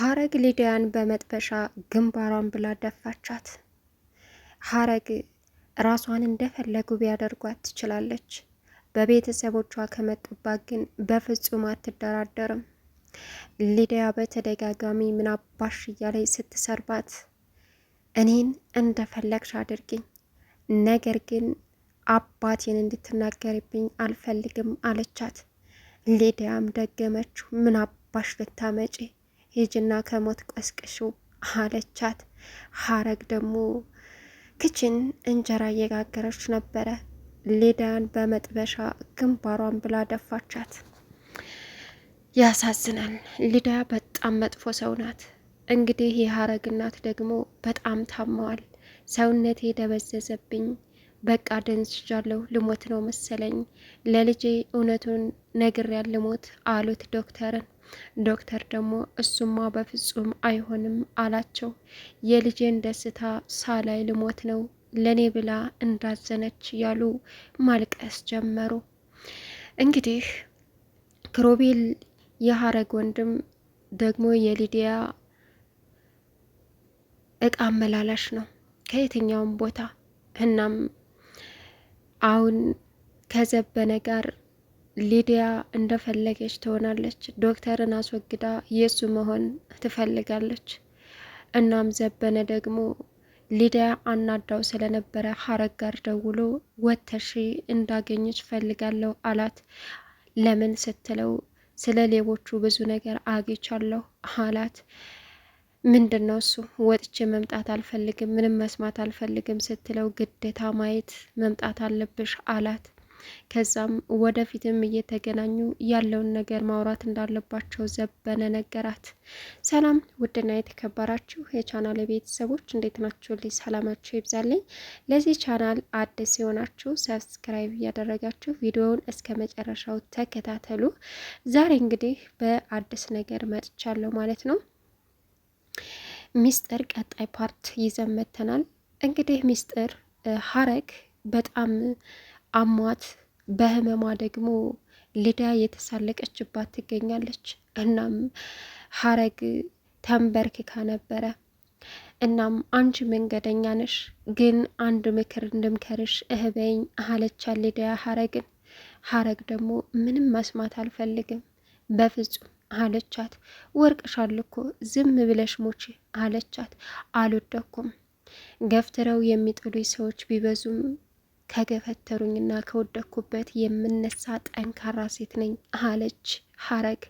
ሀረግ ሊዲያን በመጥበሻ ግንባሯን ብላ ደፋቻት። ሀረግ ራሷን እንደፈለጉ ቢያደርጓት ትችላለች። በቤተሰቦቿ ከመጡባት ግን በፍጹም አትደራደርም። ሊዲያ በተደጋጋሚ ምናባሽ እያለኝ ስትሰርባት እኔን እንደፈለግሽ አድርግኝ፣ ነገር ግን አባቴን እንድትናገርብኝ አልፈልግም አለቻት። ሊዲያም ደገመችው፣ ምናባሽ ልታመጪ ሂጅና ከሞት ቀስቅሹ አለቻት። ሀረግ ደግሞ ክችን እንጀራ እየጋገረች ነበረ። ሊዳን በመጥበሻ ግንባሯን ብላ ደፋቻት። ያሳዝናል። ሊዳ በጣም መጥፎ ሰው ናት። እንግዲህ የሀረግ እናት ደግሞ በጣም ታማዋል። ሰውነቴ ደበዘዘብኝ፣ በቃ ደንዝዣለሁ፣ ልሞት ነው መሰለኝ። ለልጄ እውነቱን ነግር ልሞት አሉት ዶክተርን ዶክተር ደግሞ እሱማ በፍጹም አይሆንም አላቸው። የልጄን ደስታ ሳላይ ልሞት ነው ለኔ ብላ እንዳዘነች ያሉ ማልቀስ ጀመሩ። እንግዲህ ክሮቤል የሀረግ ወንድም ደግሞ የሊዲያ እቃ አመላላሽ ነው ከየትኛውም ቦታ። እናም አሁን ከዘበነ ጋር ሊዲያ እንደፈለገች ትሆናለች። ዶክተርን አስወግዳ የእሱ መሆን ትፈልጋለች። እናም ዘበነ ደግሞ ሊዲያ አናዳው ስለነበረ ሀረግ ጋር ደውሎ ወተሺ እንዳገኘች ፈልጋለሁ አላት። ለምን ስትለው ስለ ሌቦቹ ብዙ ነገር አግኝቻለሁ አላት። ምንድን ነው እሱ? ወጥቼ መምጣት አልፈልግም፣ ምንም መስማት አልፈልግም ስትለው ግዴታ ማየት መምጣት አለብሽ አላት። ከዛም ወደፊትም እየተገናኙ ያለውን ነገር ማውራት እንዳለባቸው ዘበነ ነገራት። ሰላም ውድና የተከበራችሁ የቻናል ቤተሰቦች እንዴት ናችሁ? ልጅ ሰላማችሁ ይብዛልኝ። ለዚህ ቻናል አዲስ የሆናችሁ ሰብስክራይብ እያደረጋችሁ ቪዲዮውን እስከ መጨረሻው ተከታተሉ። ዛሬ እንግዲህ በአዲስ ነገር መጥቻለሁ ማለት ነው። ሚስጥር ቀጣይ ፓርት ይዘን መጥተናል። እንግዲህ ሚስጥር ሀረግ በጣም አሟት በህመሟ ደግሞ ልዳ የተሳለቀችባት ትገኛለች። እናም ሀረግ ተንበርክካ ነበረ። እናም አንቺ መንገደኛ ነሽ፣ ግን አንድ ምክር እንድምከርሽ እህበኝ አለቻ ልዳ ሀረግን። ሀረግ ደግሞ ምንም መስማት አልፈልግም በፍጹም አለቻት። ወርቅሻል እኮ ዝም ብለሽ ሞቼ አለቻት። አልወደኩም ገፍትረው የሚጥሉኝ ሰዎች ቢበዙም ከገፈተሩኝና ከወደኩበት የምነሳ ጠንካራ ሴት ነኝ አለች ሀረግ።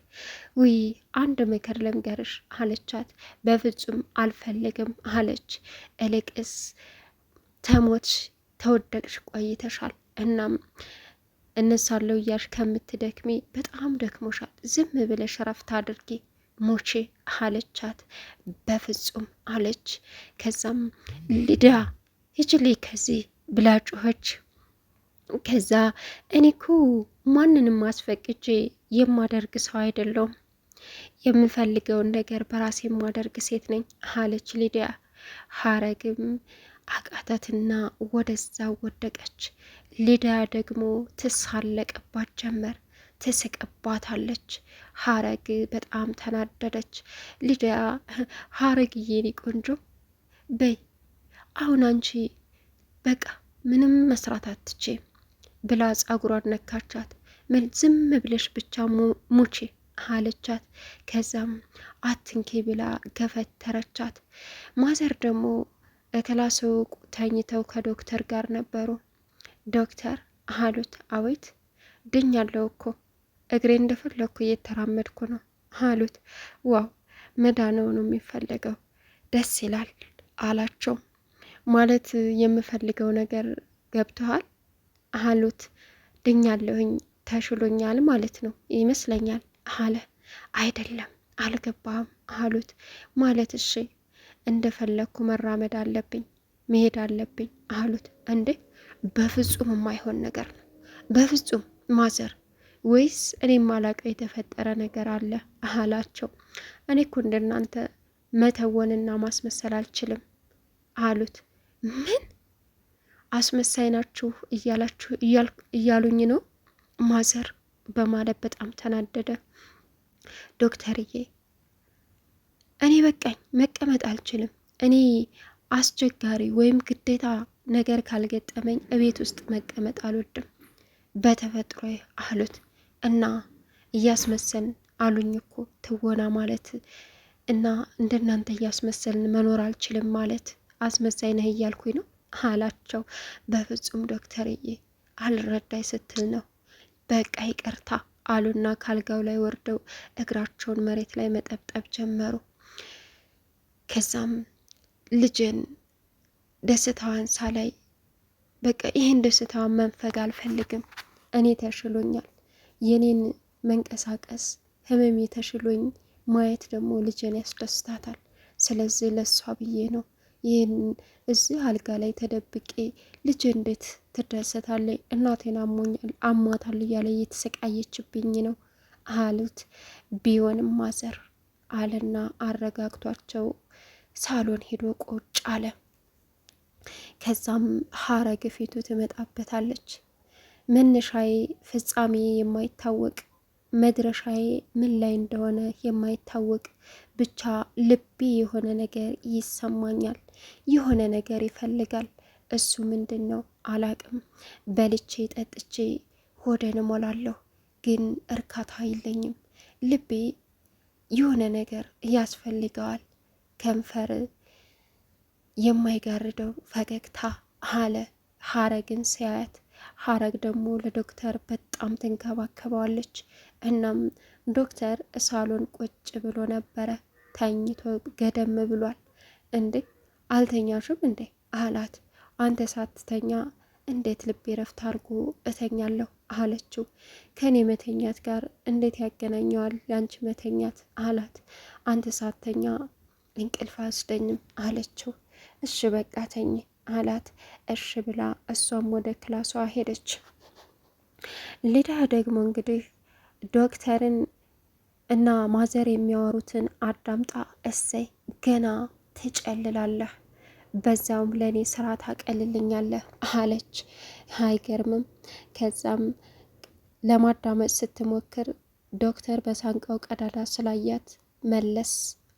ውይ አንድ ምክር ልንገርሽ አለቻት። በፍጹም አልፈለግም አለች። እልቅስ ተሞትሽ ተወደቅሽ ቆይተሻል። እናም እነሳለው እያልሽ ከምትደክሚ በጣም ደክሞሻል። ዝም ብለሽ ረፍት አድርጊ ሞቼ አለቻት። በፍጹም አለች። ከዛም ልዳ ሂጅሌ ከዚህ ብላ ጮኸች። ከዛ እኔኮ ማንንም አስፈቅጄ የማደርግ ሰው አይደለሁም፣ የምፈልገውን ነገር በራሴ የማደርግ ሴት ነኝ አለች ሊዲያ። ሀረግም አቃተትና ወደዛ ወደቀች። ሊዲያ ደግሞ ትሳለቀባት ጀመር፣ ትስቅባታለች። ሀረግ በጣም ተናደደች። ሊዲያ ሀረግዬ፣ የኔ ቆንጆ በይ አሁን አንቺ በቃ ምንም መስራት አትቼ ብላ ጸጉሯን ነካቻት። ምን ዝም ብለሽ ብቻ ሙቼ አለቻት። ከዛም አትንኬ ብላ ገፈተረቻት። ማዘር ደግሞ ከላሱ ተኝተው ከዶክተር ጋር ነበሩ። ዶክተር አሉት። አቤት ድኛለሁ እኮ እግሬ እንደፈለግኩ እየተራመድኩ ነው አሉት። ዋው መዳነው ነው የሚፈለገው ደስ ይላል አላቸው። ማለት የምፈልገው ነገር ገብተዋል አሉት። ድኛለሁኝ ተሽሎኛል ማለት ነው ይመስለኛል አለ። አይደለም አልገባም አሉት። ማለት እሺ እንደፈለግኩ መራመድ አለብኝ መሄድ አለብኝ አሉት። እንዴ በፍጹም የማይሆን ነገር ነው በፍጹም ማዘር ወይስ እኔ ማላቀው የተፈጠረ ነገር አለ አላቸው። እኔ እኮ እንደናንተ መተወንና ማስመሰል አልችልም አሉት። ምን አስመሳይ ናችሁ እያላችሁ እያሉኝ ነው ማዘር በማለት በጣም ተናደደ። ዶክተርዬ እኔ በቃኝ፣ መቀመጥ አልችልም። እኔ አስቸጋሪ ወይም ግዴታ ነገር ካልገጠመኝ እቤት ውስጥ መቀመጥ አልወድም በተፈጥሮ አሉት። እና እያስመሰልን አሉኝ እኮ ትወና ማለት እና እንደናንተ እያስመሰልን መኖር አልችልም ማለት አስመሳይ ነህ እያልኩኝ ነው አላቸው። በፍጹም ዶክተርዬ አልረዳይ ስትል ነው በቃ ይቅርታ አሉና ካልጋው ላይ ወርደው እግራቸውን መሬት ላይ መጠብጠብ ጀመሩ። ከዛም ልጅን ደስታዋን ሳላይ በቃ ይህን ደስታዋን መንፈግ አልፈልግም፣ እኔ ተሽሎኛል። የኔን መንቀሳቀስ ህመም ተሽሎኝ ማየት ደግሞ ልጅን ያስደስታታል። ስለዚህ ለሷ ብዬ ነው ይህን እዚህ አልጋ ላይ ተደብቄ ልጅ እንዴት ትደሰታለች? እናቴን አሞኛል አሟታል እያለ እየተሰቃየችብኝ ነው አሉት። ቢሆንም ማዘር አለና አረጋግቷቸው ሳሎን ሄዶ ቁጭ አለ። ከዛም ሀረግ ፊቱ ትመጣበታለች። መነሻዬ ፍጻሜ የማይታወቅ መድረሻዬ ምን ላይ እንደሆነ የማይታወቅ ብቻ ልቤ የሆነ ነገር ይሰማኛል፣ የሆነ ነገር ይፈልጋል። እሱ ምንድን ነው አላቅም። በልቼ ጠጥቼ ሆደን ሞላለሁ፣ ግን እርካታ አይለኝም። ልቤ የሆነ ነገር ያስፈልገዋል። ከንፈር የማይጋርደው ፈገግታ አለ። ሀረግን ሲያያት ሀረግ ደግሞ ለዶክተር በጣም ትንከባከበዋለች። እናም ዶክተር ሳሎን ቁጭ ብሎ ነበረ። ተኝቶ ገደም ብሏል። እንዴ አልተኛሽም እንዴ አላት። አንተ ሳትተኛ እንዴት ልቤ ረፍት አድርጎ እተኛለሁ አለችው። ከኔ መተኛት ጋር እንዴት ያገናኘዋል ያንቺ መተኛት አላት። አንተ ሳትተኛ እንቅልፍ አስደኝም አለችው። እሺ በቃ ተኝ አላት። እሺ ብላ እሷም ወደ ክላሷ ሄደች። ልዳ ደግሞ እንግዲህ ዶክተርን እና ማዘር የሚያወሩትን አዳምጣ እሰይ ገና ትጨልላለህ፣ በዛውም ለእኔ ስራ ታቀልልኛለህ አለች። አይገርምም? ከዛም ለማዳመጥ ስትሞክር ዶክተር በሳንቃው ቀዳዳ ስላያት መለስ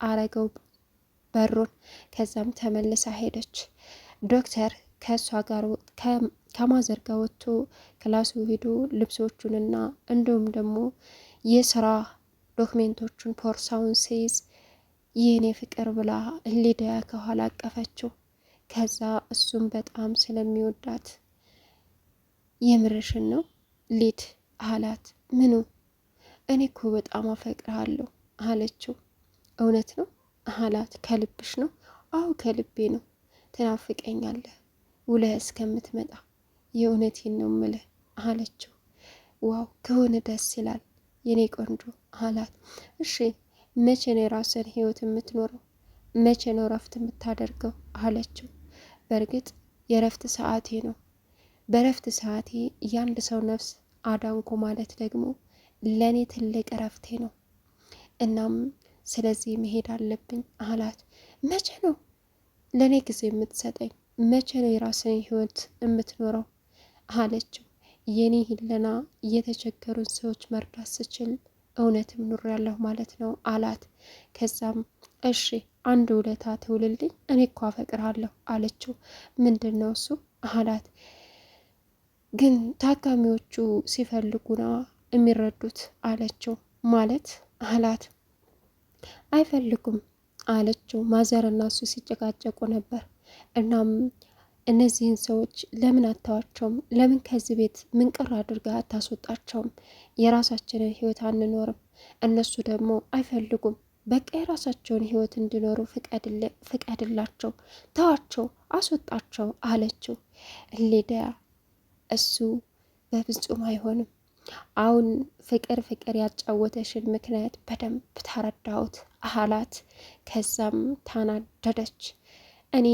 አረገው በሩን። ከዛም ተመልሳ ሄደች። ዶክተር ከእሷ ጋር ከማዘር ጋር ወጥቶ ክላሱ ሂዶ ልብሶቹንና እንዲሁም ደግሞ የስራ ዶክሜንቶቹን ፖርሳውን ሲይዝ ይህኔ ፍቅር ብላ ሊዲያ ከኋላ አቀፈችው። ከዛ እሱም በጣም ስለሚወዳት የምርሽን ነው ሊድ አላት። ምኑ እኔ እኮ በጣም አፈቅርሃለሁ አለችው። እውነት ነው አላት። ከልብሽ ነው? አዎ ከልቤ ነው። ትናፍቀኛለህ ውለህ እስከምትመጣ የእውነቴን ነው ምልህ አለችው። ዋው ከሆነ ደስ ይላል የኔ ቆንጆ አላት። እሺ መቼ ነው የራስን ህይወት የምትኖረው? መቼ ነው እረፍት የምታደርገው? አለችው። በእርግጥ የእረፍት ሰዓቴ ነው። በእረፍት ሰዓቴ የአንድ ሰው ነፍስ አዳንኩ ማለት ደግሞ ለእኔ ትልቅ እረፍቴ ነው። እናም ስለዚህ መሄድ አለብኝ አላት። መቼ ነው ለእኔ ጊዜ የምትሰጠኝ? መቼ ነው የራስን ህይወት የምትኖረው? አለችው። የኔ ሂለና የተቸገሩን ሰዎች መርዳት ስችል እውነትም ኑር ያለሁ ማለት ነው አላት። ከዛም እሺ አንድ ውለታ ትውልልኝ፣ እኔ እኮ አፈቅርሃለሁ አለችው። ምንድን ነው እሱ አላት። ግን ታካሚዎቹ ሲፈልጉ የሚረዱት አለችው። ማለት አላት። አይፈልጉም አለችው። ማዘርና እሱ ሲጨቃጨቁ ነበር። እናም እነዚህን ሰዎች ለምን አታዋቸውም? ለምን ከዚህ ቤት ምንቅር አድርጋ አታስወጣቸውም? የራሳችንን ህይወት አንኖርም፣ እነሱ ደግሞ አይፈልጉም። በቃ የራሳቸውን ህይወት እንዲኖሩ ፍቀድላቸው፣ ተዋቸው፣ አስወጣቸው አለችው። ሊዲያ እሱ በፍጹም አይሆንም። አሁን ፍቅር ፍቅር ያጫወተሽን ምክንያት በደንብ ተረዳሁት አህላት ከዛም ታናደደች። እኔ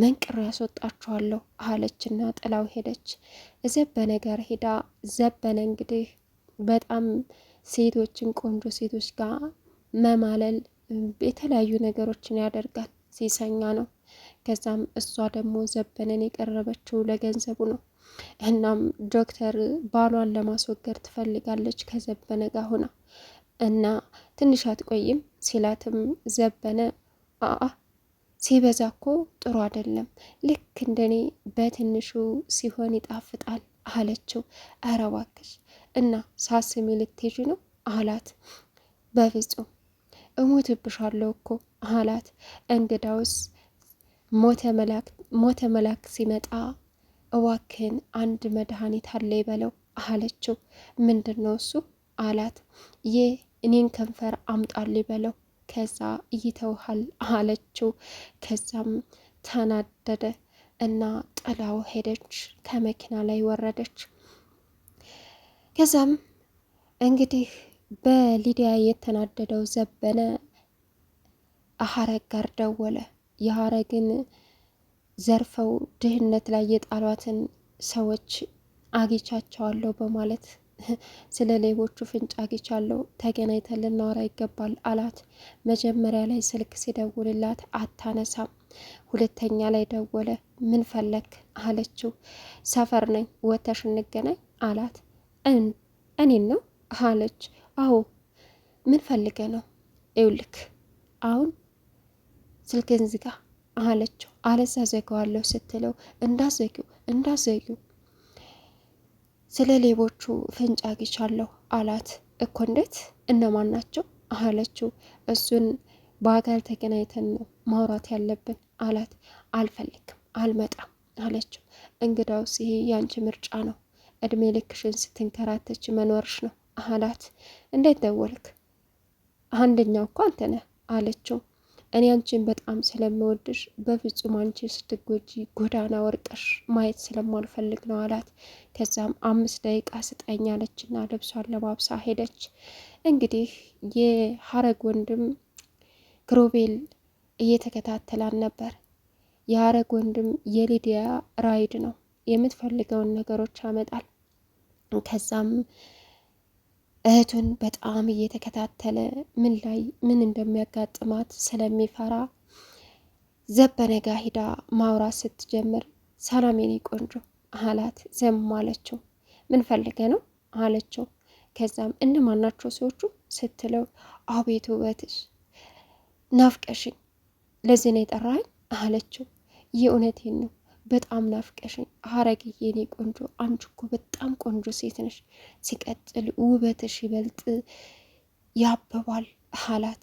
መንቅሬ ያስወጣችኋለሁ አለችና ጥላው ሄደች። ዘበነ ጋር ሄዳ ዘበነ እንግዲህ በጣም ሴቶችን ቆንጆ ሴቶች ጋር መማለል የተለያዩ ነገሮችን ያደርጋል። ሲሰኛ ነው። ከዛም እሷ ደግሞ ዘበነን የቀረበችው ለገንዘቡ ነው። እናም ዶክተር ባሏን ለማስወገድ ትፈልጋለች ከዘበነ ጋር ሆና እና ትንሽ አትቆይም ሲላትም ዘበነ አአ ሲበዛ እኮ ጥሩ አይደለም። ልክ እንደኔ በትንሹ ሲሆን ይጣፍጣል አለችው። ኧረ እባክሽ እና ሳስሚ ልትሄጂ ነው አላት። በፍጹም እሞትብሻለሁ እኮ አላት። እንግዳውስ ሞተ መላክ ሲመጣ እዋክን አንድ መድኃኒት አለ ይበለው አለችው። ምንድን ነው እሱ አላት። ይህ እኔን ከንፈር አምጣል ይበለው ከዛ እይተውሃል አለችው። ከዛም ተናደደ እና ጥላው ሄደች። ከመኪና ላይ ወረደች። ከዛም እንግዲህ በሊዲያ የተናደደው ዘበነ አሐረግ ጋር ደወለ። የሀረግን ዘርፈው ድህነት ላይ የጣሏትን ሰዎች አግኝቻቸዋለሁ በማለት ስለ ሌቦቹ ፍንጭ አግኝቻለሁ፣ ተገናኝተን ልናወራ ይገባል አላት። መጀመሪያ ላይ ስልክ ሲደውልላት አታነሳም። ሁለተኛ ላይ ደወለ። ምን ፈለክ አለችው። ሰፈር ነኝ፣ ወተሽ እንገናኝ አላት። እኔን ነው አለች። አዎ ምን ፈልገ ነው? ይውልክ አሁን ስልክን ዝጋ አለችው። አለዛ ዘጋዋለሁ ስትለው እንዳዘጊው እንዳዘጊው ስለ ሌቦቹ ፍንጭ አግኝቻለሁ አላት። እኮ እንዴት? እነማን ናቸው አለችው። እሱን በአካል ተገናኝተን ነው ማውራት ያለብን አላት። አልፈልግም፣ አልመጣም አለችው። እንግዳውስ ይሄ ያንቺ ምርጫ ነው፣ እድሜ ልክሽን ስትንከራተች መኖርሽ ነው አላት። እንዴት ደወልክ? አንደኛው እኮ አንተ ነህ አለችው። እኔ አንቺን በጣም ስለምወድሽ በፍጹም አንቺ ስትጎጂ ጎዳና ወርቀሽ ማየት ስለማልፈልግ ነው አላት። ከዛም አምስት ደቂቃ ስጠኝ አለችና ልብሷን ለማብሳ ሄደች። እንግዲህ የሀረግ ወንድም ክሮቤል እየተከታተላን ነበር። የሀረግ ወንድም የሊዲያ ራይድ ነው፣ የምትፈልገውን ነገሮች ያመጣል። ከዛም እህቱን በጣም እየተከታተለ ምን ላይ ምን እንደሚያጋጥማት ስለሚፈራ ዘበነ ጋ ሂዳ ማውራት ስትጀምር ሰላም የኔ ቆንጆ አላት። ዘም አለችው። ምን ፈልገ ነው አለችው። ከዛም እነማናቸው ሰዎቹ ስትለው አቤት ውበትሽ፣ ናፍቀሽኝ፣ ለዚህ ነው የጠራኝ አለችው። የእውነቴን ነው በጣም ናፍቀሽኝ ሀረግዬ፣ የኔ ቆንጆ አንቺ እኮ በጣም ቆንጆ ሴት ነሽ፣ ሲቀጥል ውበትሽ ይበልጥ ያበባል አላት።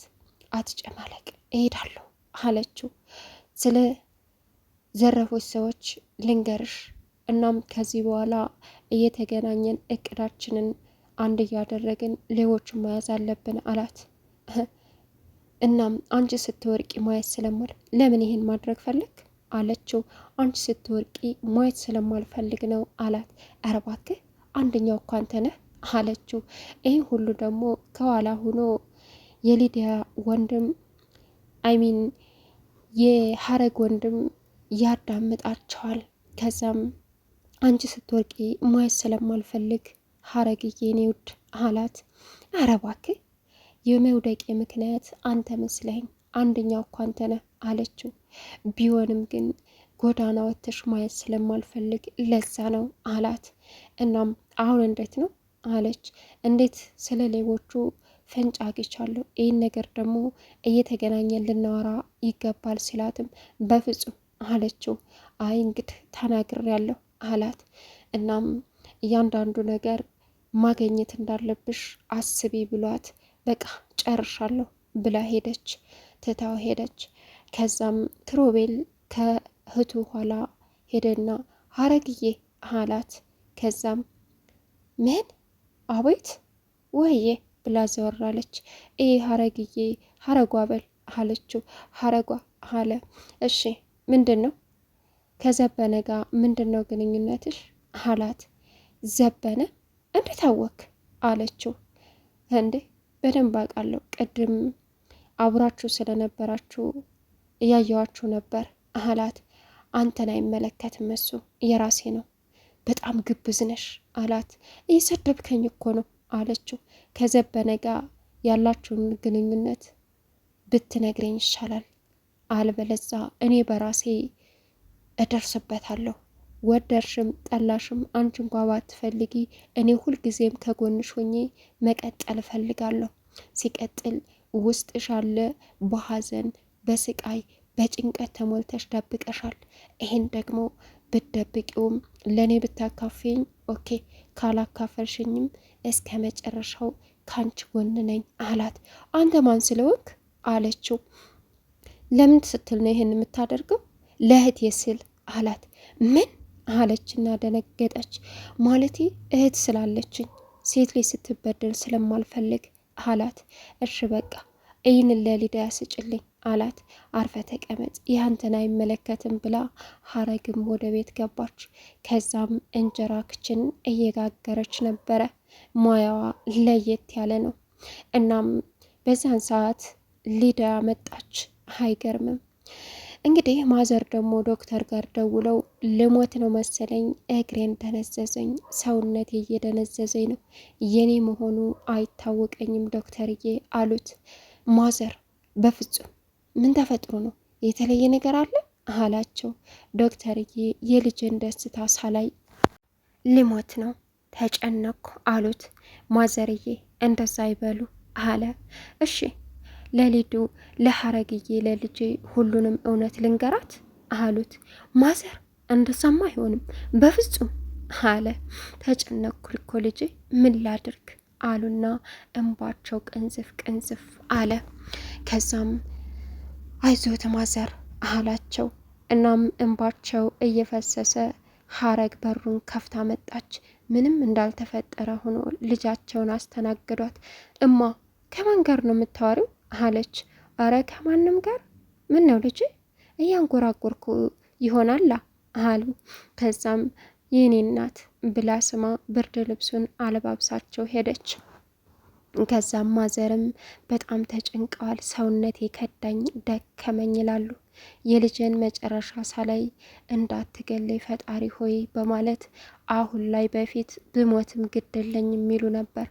አትጨማለቅ እሄዳለሁ አለችው። ስለ ዘረፎች ሰዎች ልንገርሽ፣ እናም ከዚህ በኋላ እየተገናኘን እቅዳችንን አንድ እያደረግን ሌቦችን መያዝ አለብን አላት። እናም አንቺ ስትወርቂ ማየት ስለማል ለምን ይህን ማድረግ ፈለግ አለችው። አንቺ ስትወርቂ ማየት ስለማልፈልግ ነው አላት። ኧረ እባክህ አንደኛው እኮ አንተ ነህ አለችው። ይህ ሁሉ ደግሞ ከኋላ ሆኖ የሊዲያ ወንድም አይሚን የሀረግ ወንድም ያዳምጣቸዋል። ከዛም አንቺ ስትወርቂ ማየት ስለማልፈልግ ሀረግዬ እኔ ውድ አላት። ኧረ እባክህ የመውደቄ ምክንያት አንተ መስለኝ አንደኛው እኮ አንተ ነህ አለችው። ቢሆንም ግን ጎዳና ወጥተሽ ማየት ስለማልፈልግ ለዛ ነው አላት። እናም አሁን እንዴት ነው አለች። እንዴት ስለ ሌቦቹ ፈንጭ አግኝቻለሁ፣ ይህን ነገር ደግሞ እየተገናኘን ልናወራ ይገባል ሲላትም በፍጹም አለችው። አይ እንግዲህ ተናግሬያለሁ አላት። እናም እያንዳንዱ ነገር ማግኘት እንዳለብሽ አስቢ ብሏት በቃ ጨርሻለሁ ብላ ሄደች፣ ትታው ሄደች። ከዛም ክሮቤል ከእህቱ ኋላ ሄደና ሀረግዬ አላት። ከዛም ምን አቤት ወይዬ ብላ ዘወራለች። ይህ ሀረግዬ ሀረጓ በል አለችው። ሀረጓ አለ። እሺ ምንድን ነው ከዘበነ ጋር ምንድን ነው ግንኙነትሽ አላት። ዘበነ እንዴት አወክ አለችው። እንዴ በደንብ አውቃለሁ፣ ቅድም አብራችሁ ስለነበራችሁ እያየዋችሁ ነበር አላት። አንተን አይመለከትም እሱ የራሴ ነው። በጣም ግብዝ ነሽ አላት። እየሰደብከኝ እኮ ነው አለችው። ከዘበነ ጋር ያላችሁን ግንኙነት ብትነግረኝ ይሻላል፣ አልበለዛ እኔ በራሴ እደርስበታለሁ። ወደርሽም ጠላሽም አንቺ እንኳ ባትፈልጊ እኔ ሁልጊዜም ከጎንሽ ሆኜ መቀጠል እፈልጋለሁ። ሲቀጥል ውስጥሽ አለ በሀዘን በስቃይ በጭንቀት ተሞልተሽ ደብቀሻል። ይሄን ደግሞ ብትደብቂውም ለእኔ ብታካፊኝ ኦኬ፣ ካላካፈልሽኝም እስከ መጨረሻው ካንቺ ጎን ነኝ አላት። አንተ ማን ስለወክ አለችው። ለምን ስትል ነው ይሄን የምታደርገው? ለእህቴ ስል አላት። ምን አለችና ደነገጠች። ማለቴ እህት ስላለችኝ ሴት ላይ ስትበደል ስለማልፈልግ አላት። እሺ በቃ ይህንን ለሊዲያ ስጭልኝ አላት። አርፈ ተቀመጥ ይህ አንተን አይመለከትም ብላ ሀረግም ወደ ቤት ገባች። ከዛም እንጀራ ክችን እየጋገረች ነበረ። ሙያዋ ለየት ያለ ነው። እናም በዛን ሰዓት ሊዳ መጣች። አይገርምም እንግዲህ ማዘር ደግሞ ዶክተር ጋር ደውለው ልሞት ነው መሰለኝ፣ እግሬን ደነዘዘኝ፣ ሰውነት እየደነዘዘኝ ነው፣ የኔ መሆኑ አይታወቀኝም ዶክተርዬ አሉት። ማዘር በፍጹም ምን ተፈጥሮ ነው የተለየ ነገር አለ አላቸው። ዶክተርዬ የልጅን ደስታ ሳላይ ልሞት ነው ተጨነኩ አሉት። ማዘርዬ እንደዛ ይበሉ አለ። እሺ ለሊዱ ለሐረግዬ ለልጄ ሁሉንም እውነት ልንገራት አሉት። ማዘር እንደሰማ አይሆንም በፍጹም አለ። ተጨነኩ እኮ ልጄ ምን ላድርግ አሉና እንባቸው ቅንጽፍ ቅንጽፍ አለ። ከዛም አይዞት ማዘር አላቸው። እናም እንባቸው እየፈሰሰ ሀረግ በሩን ከፍታ መጣች። ምንም እንዳልተፈጠረ ሆኖ ልጃቸውን አስተናግዷት። እማ ከማን ጋር ነው የምታወሪው? አለች። አረ ከማንም ጋር ምን ነው ልጅ እያንጎራጎርኩ ይሆናላ አሉ። ከዛም የኔ እናት ብላ ስማ ብርድ ልብሱን አለባብሳቸው ሄደች። ከዛም ማዘርም በጣም ተጨንቀዋል። ሰውነት የከዳኝ ደከመኝ ይላሉ። የልጅን መጨረሻ ሳላይ እንዳትገለይ ፈጣሪ ሆይ በማለት አሁን ላይ በፊት ብሞትም ግድለኝ የሚሉ ነበር።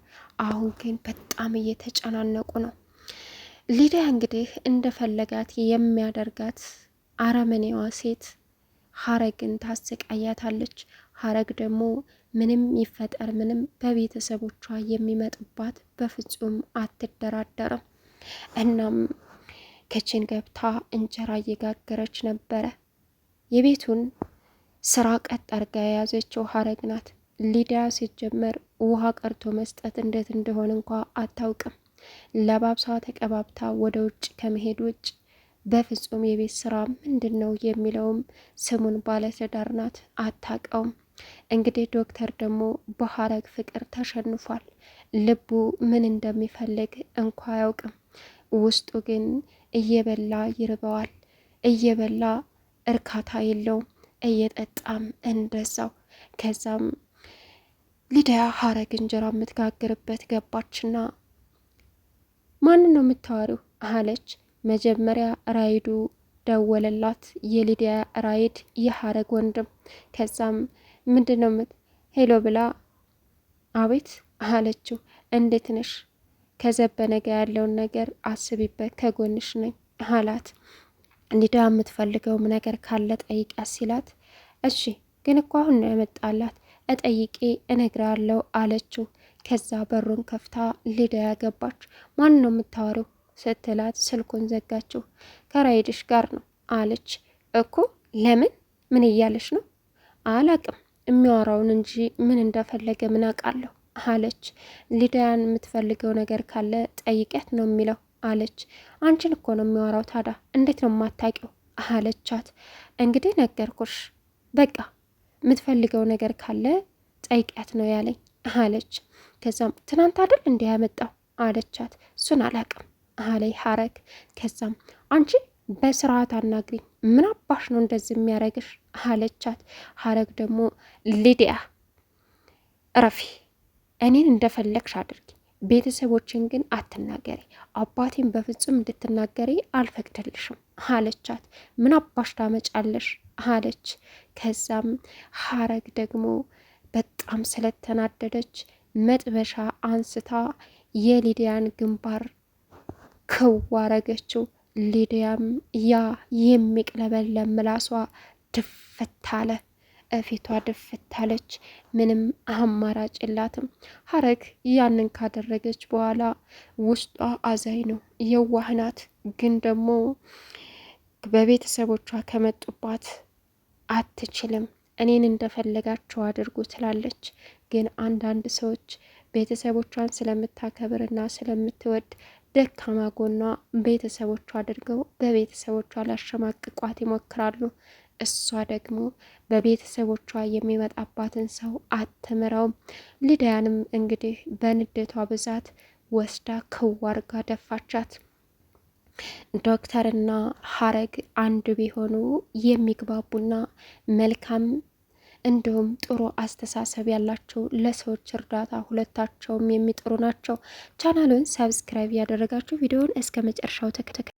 አሁን ግን በጣም እየተጨናነቁ ነው። ሊዲያ እንግዲህ እንደፈለጋት የሚያደርጋት አረመኔዋ ሴት ሀረግን ታሰቃያታለች። ሀረግ ደግሞ ምንም ይፈጠር ምንም በቤተሰቦቿ የሚመጡባት በፍጹም አትደራደርም። እናም ከችን ገብታ እንጀራ እየጋገረች ነበረ። የቤቱን ስራ ቀጥ አርጋ የያዘችው ሀረግ ናት። ሊዲያ ሲጀመር ውሃ ቀርቶ መስጠት እንዴት እንደሆነ እንኳ አታውቅም። ለባብሳ ተቀባብታ ወደ ውጭ ከመሄድ ውጭ በፍጹም የቤት ስራ ምንድን ነው የሚለውም ስሙን ባለትዳር ናት አታቀውም። እንግዲህ ዶክተር ደግሞ በሐረግ ፍቅር ተሸንፏል። ልቡ ምን እንደሚፈልግ እንኳ አያውቅም። ውስጡ ግን እየበላ ይርበዋል፣ እየበላ እርካታ የለውም፣ እየጠጣም እንደዛው። ከዛም ሊዲያ ሐረግ እንጀራ የምትጋግርበት ገባችና ማንን ነው የምታወሪው አለች። መጀመሪያ ራይዱ ደወለላት፣ የሊዲያ ራይድ የሐረግ ወንድም ከዛም ምንድን ነው ምት ሄሎ ብላ አቤት አለችው። እንዴት ነሽ? ከዘበነ ጋ ያለውን ነገር አስቢበት፣ ከጎንሽ ነኝ አላት። እንዲዳ የምትፈልገውም ነገር ካለ ጠይቂያት ሲላት፣ እሺ ግን እኮ አሁን ነው የመጣላት እጠይቄ እነግራለሁ አለችው። ከዛ በሩን ከፍታ ሊዳ ያገባች። ማን ነው የምታወሪው ስትላት፣ ስልኩን ዘጋችው። ከራይድሽ ጋር ነው አለች። እኮ ለምን ምን እያለች ነው አላቅም የሚያወራውን እንጂ ምን እንደፈለገ ምን አውቃለሁ አለች። ሊዳያን የምትፈልገው ነገር ካለ ጠይቀት ነው የሚለው አለች። አንቺን እኮ ነው የሚያወራው ታዲያ እንዴት ነው የማታውቂው? አለቻት። እንግዲህ ነገርኩሽ፣ በቃ የምትፈልገው ነገር ካለ ጠይቀት ነው ያለኝ አለች። ከዛም ትናንት አይደል እንዲህ ያመጣው አለቻት። እሱን አላውቅም አለይ ሐረግ። ከዛም አንቺ በስርዓት አናግሪኝ ምን አባሽ ነው እንደዚህ የሚያረግሽ አለቻት። ሀረግ ደግሞ ሊዲያ እረፊ፣ እኔን እንደፈለግሽ አድርጊ፣ ቤተሰቦችን ግን አትናገሪ፣ አባቴን በፍጹም እንድትናገሪ አልፈቅድልሽም አለቻት። ምን አባሽ ታመጫለሽ አለች። ከዛም ሀረግ ደግሞ በጣም ስለተናደደች መጥበሻ አንስታ የሊዲያን ግንባር ክው አረገችው። ሊዲያም ያ የሚቅለበለም ምላሷ ድፍት አለ። እፊቷ ድፍት አለች። ምንም አማራጭ የላትም። ሀረግ ያንን ካደረገች በኋላ ውስጧ አዛኝ ነው። የዋህ ናት፣ ግን ደግሞ በቤተሰቦቿ ከመጡባት አትችልም። እኔን እንደፈለጋቸው አድርጉ ትላለች። ግን አንዳንድ ሰዎች ቤተሰቦቿን ስለምታከብርና ስለምትወድ ደካማ ጎኗ ቤተሰቦቿ አድርገው በቤተሰቦቿ ሊያሸማቅቋት ይሞክራሉ። እሷ ደግሞ በቤተሰቦቿ የሚመጣባትን ሰው አትምረውም። ልዳያንም እንግዲህ በንዴቷ ብዛት ወስዳ ክዋርጋ ደፋቻት። ዶክተርና ሀረግ አንድ ቢሆኑ የሚግባቡና መልካም እንዲሁም ጥሩ አስተሳሰብ ያላቸው ለሰዎች እርዳታ ሁለታቸውም የሚጥሩ ናቸው። ቻናሉን ሰብስክራይብ ያደረጋችሁ ቪዲዮውን እስከ መጨረሻው ተከታተሉ።